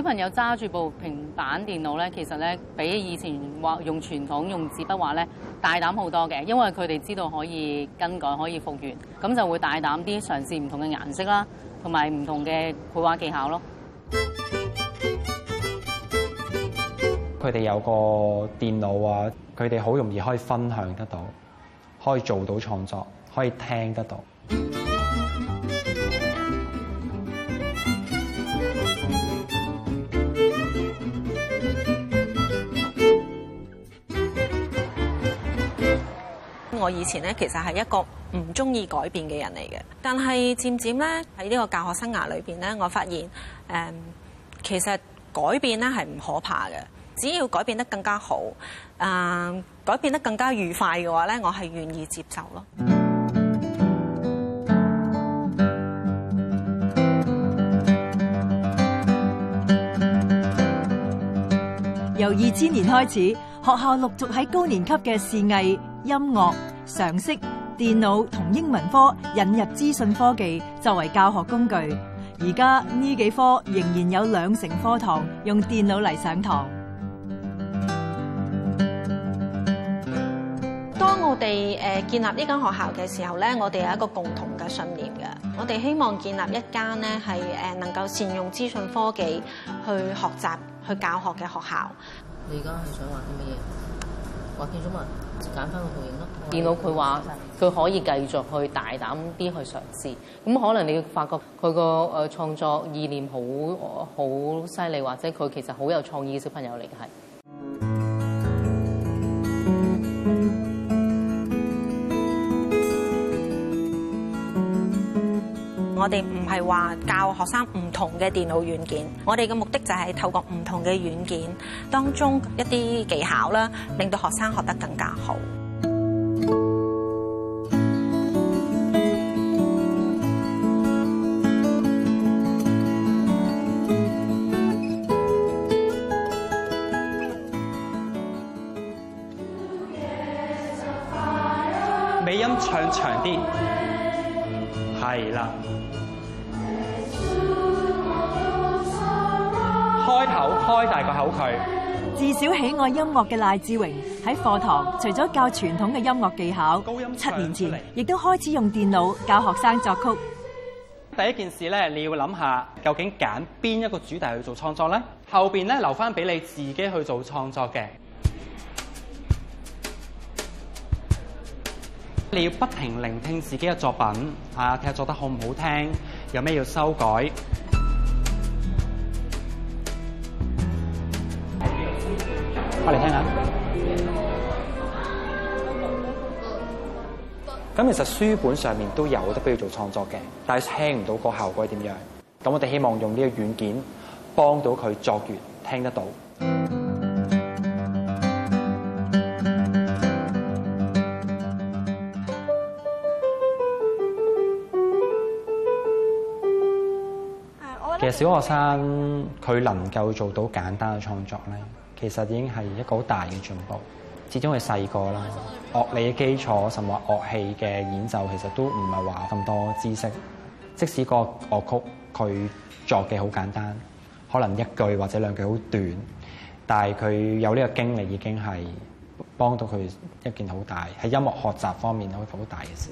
小朋友揸住部平板電腦咧，其實咧比以前畫用傳統用紙筆畫咧大膽好多嘅，因為佢哋知道可以更改、可以復原，咁就會大膽啲嘗試唔同嘅顏色啦，同埋唔同嘅繪畫技巧咯。佢哋有個電腦啊，佢哋好容易可以分享得到，可以做到創作，可以聽得到。我以前咧，其實係一個唔鍾意改變嘅人嚟嘅，但係漸漸咧喺呢個教學生涯裏邊咧，我發現誒其實改變咧係唔可怕嘅，只要改變得更加好啊，改變得更加愉快嘅話咧，我係願意接受咯。由二千年開始。學校陸續喺高年級嘅視藝、音樂、常識、電腦同英文科引入資訊科技作為教學工具。而家呢幾科仍然有兩成課堂用電腦嚟上堂。當我哋誒建立呢間學校嘅時候咧，我哋有一個共同嘅信念嘅，我哋希望建立一間咧係誒能夠善用資訊科技去學習。去教學嘅學校，你而家係想話啲乜嘢？話見咗乜？揀返個投影咯。見到佢話佢可以繼續去大膽啲去嘗試，咁可能你會發覺佢個誒創作意念好好犀利，或者佢其實好有創意嘅小朋友嚟嘅係。我哋唔係話教學生唔同嘅電腦軟件，我哋嘅目的就係透過唔同嘅軟件當中一啲技巧啦，令到學生學得更加好。美音唱長啲。係啦，開口，開大個口佢。至少喜愛音樂嘅賴志榮喺課堂除咗教傳統嘅音樂技巧，高音七年前亦來都開始用電腦教學生作曲。第一件事咧，你要諗下究竟揀邊一個主題去做創作咧？後邊咧留翻俾你自己去做創作嘅。你要不停聆聽自己嘅作品，啊，睇下做得好唔好聽，有咩要修改？我嚟聽下。咁其實書本上面都有得俾佢做創作嘅，但係聽唔到個效果係點樣。咁我哋希望用呢個軟件幫到佢作完，聽得到。其實小學生佢能夠做到簡單嘅創作咧，其實已經係一個好大嘅進步。始終佢細個啦，樂理嘅基礎，甚至樂器嘅演奏，其實都唔係話咁多知識。即使個樂曲佢作嘅好簡單，可能一句或者兩句好短，但係佢有呢個經歷已經係幫到佢一件好大，喺音樂學習方面好大嘅事。